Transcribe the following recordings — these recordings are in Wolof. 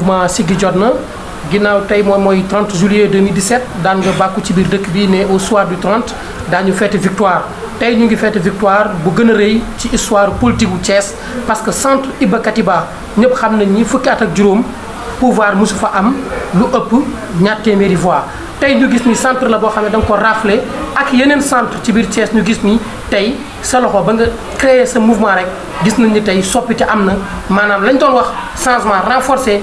mouvement Siggi jot ginnaw tay tey moy 30 juillet 2017 daan nga bakku ci bir dekk bi né au soir du 30 daañu fête victoire tay ñu ngi fête victoire bu gëna reuy ci histoire politique wu Thiès parce que centre Iba Katiba ñëpp xam nañ ni fukki at ak juroom pouvoir mosu am lu ëpp ñaat téeméeri voix tay ñu gis ni centre la bo xam ne ko raflé ak yenen centre ci bir Thiès ñu gis ni tay sa loxo ba nga créer ce mouvement rek gis nañ ni tay soppi ci amna manam lañ doon wax changement renforcé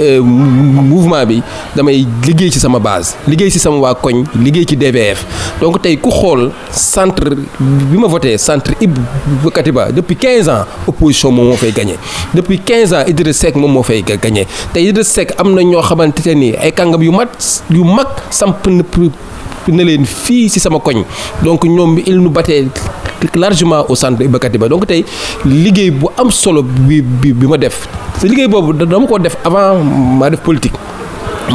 Euh, mouvement bi damay liggéey ci sama base liggéey ci sama wa koñ liggéey ci DVF donc tay ku xol centre bi ma voté centre ib Katiba depuis 15 ans opposition moom moo fay gagner, depuis 15 ans Idriss Seck moom moo fay gagner tay Idriss Seck am na ñoo xamante ay kangam yu mat yu mak samp na na len fi ci sama koñ donc ñoom il nous battait largement au centre Ibou Katiba donc tey liggéey bu am solo bi bi bi ma def. sa liggéey boobu dama ko def avant maa def politique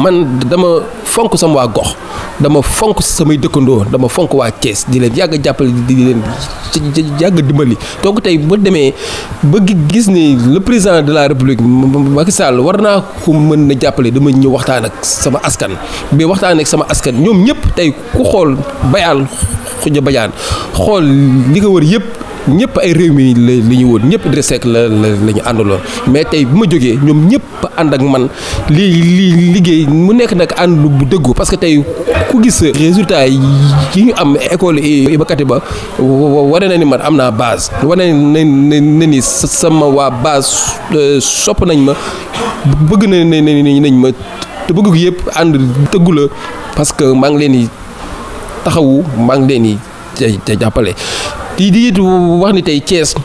man dama fonk sama waa gox dama fonk samay dëkkandoo dama fonk waa kees di leen yàgg jàppale di leen yàgg dimbali donc tey ba demee ba gis ni le président de la république Macky Sall war naa ko mën na jàppale dama ñëw waxtaan ak sama askan bi waxtaan ak sama askan ñoom ñëpp tey ku xool bayaal xuj bajaan xool li ko war yëpp ñëpp ay réew mi la la ñu woon ñëpp Idrissa Seck la la la ñu àndaloon mais tey bi ma jógee ñoom ñëpp ànd ak man li li liggéey mu nekk nag ànd bu dëggu parce que tey ku gis résultat yi ñu am école Iba ba war na ni man am naa baas wane a na ni sama waa base euh, sopp nañ ma bëgg na nañ ma te bëgg yëpp ànd dëggu la parce que maa ngi leen di taxawu maa ngi leen di jàppale di di wax ni tay ties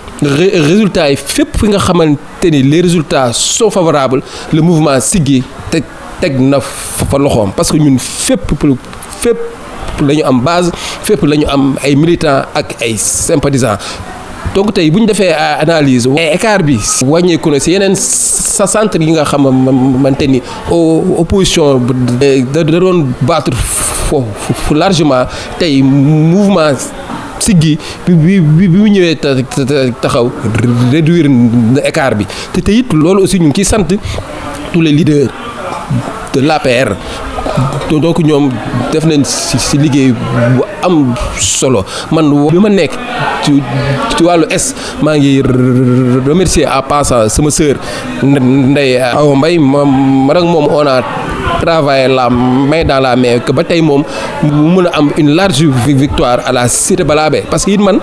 résultat yi fépp fi nga xamanteni les résultats sont favorables le mouvement Siggi te teg na fa loxom parce que ñun fépp pour la ñu am base fépp lañu am ay militants ak ay sympathisants donc tay buñ ñu analyse analyse écart bi wàññeeku ko si yeneen 60 yi nga xamante opposition da doon battre largement tay mouvement Sigi bi bi bi bi taxaw réduire écart bi te te it loolu aussi ñu ngi ciy sant tous les leaders de l'APR donc ñoom def nañ si si liggéey bu am solo man bi nek nekk ci ci wàllu es maa ngi remercier à passant sama sœur ndey awa mbay ma moom on a travailler la main dans la main que bataille tey moulin a am une large victoire à la Cité Balabé parce que man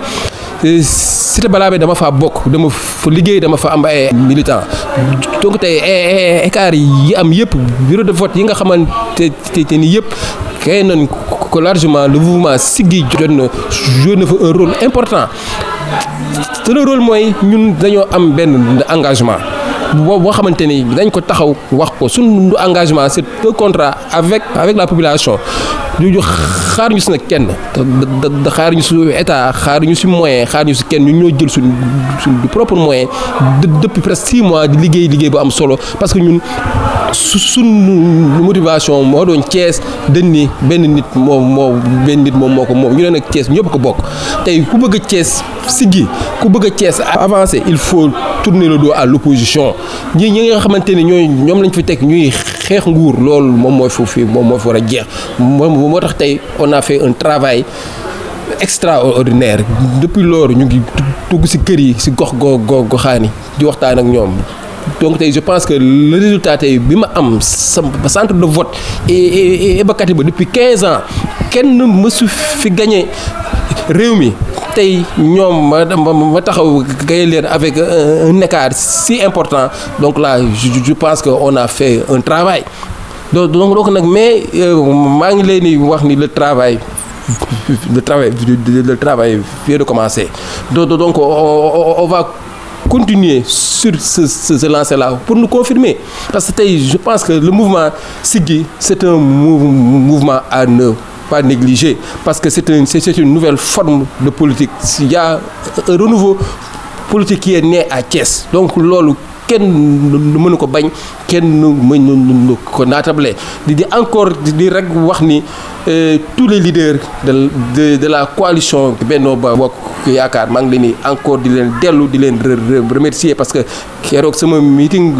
euh, Cité Balabé dama fa bok dama fa liguey dama fa am ay donc tay eh, eh, écart yi am yëpp bureau de vote yi nga xamanté ni yep xëy nañ ko largement le mouvement si jonne jonne ne fa un rôle important le rôle moyen ñun am ben engagement boo xamante ni dañ ko taxaw wax ko suñu engagement c'est un contrat avec avec la population ñu xaar kenn état moyen kenn ñu ñoo jël propre moyen depuis presque six mois di liggéey liggéey bu am solo parce que ñun motivation nit nit ñu ko ku bëgg a Thiès ku bëgg a avancer il faut tourner le dos à l'opposition ñi ñi nga ne lañ fi ñuy on a fait un travail extraordinaire depuis lors ñu ngi ci kër yi ci gox je pense que le résultat tay bima am centre de vote et depuis 15 ans kenn mësu fi gagné gagner ma avec un écart si important donc là je pense qu'on on a fait un travail donc donc mais euh, ni le travail le travail le travail vient de commencer donc donc on va continuer sur ce, ce, lancer-là pour nous confirmer. Parce que je pense que le mouvement Sigui, c'est un mouvement à neuf pas négliger parce que c'est une, une, nouvelle forme de politique. Il y a un renouveau politique qui est né à Thiès. Donc, l'eau nous nous ko nous nous nous encore di ni euh, tous les leaders de la coalition encore remercier parce que meeting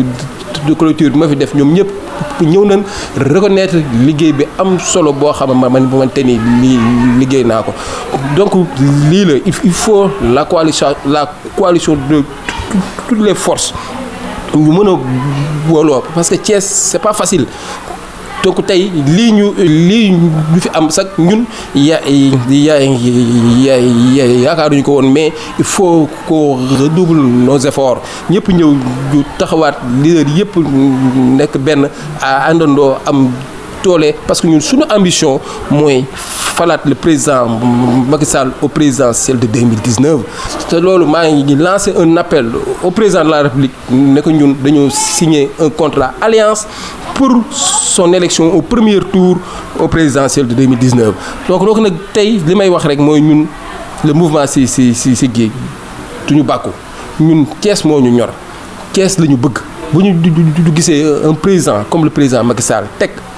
de clôture bi ma fi def ñom ñew nañ reconnaître liguey bi am solo bo xam ne man man te ni lii donc li la il faut la coalition la coalition de toutes les forces ñu mën wolo parce que Thiès c'est pas facile donc tey lii ñu lii ñu fi am sag ñun ya ya ya yaakaaruñu ko woon mais il faut qu'on redouble nos efforts ñëpp ñëw ñu taxawaat leader yëpp nekk benn àndandoo am. tolé parce que ñun suñu ambition moi, falat le président Macky Sall au présidentiel de 2019 C'est loolu maa ngi lancer un appel au président de la République ne ko ñun signer un contrat alliance pour son élection au premier tour au présidentiel de 2019 donc nous nag tey li wax rek le mouvement c'est c'est c'est si géej duñu bàkku ñun ce moo nous ñor Thiès ce bëgg du un président comme le président Macky Sall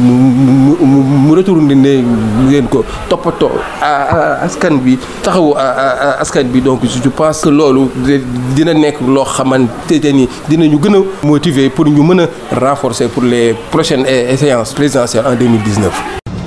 mu mu mu mu retourné ne leen ko toppatoo askan bi taxawu askan bi donc je pense que loolu dina nekk loo xamante ne ni dinañu gën a motiver pour ñu mën a renforcer pour les prochaines séances présidentielles en 2019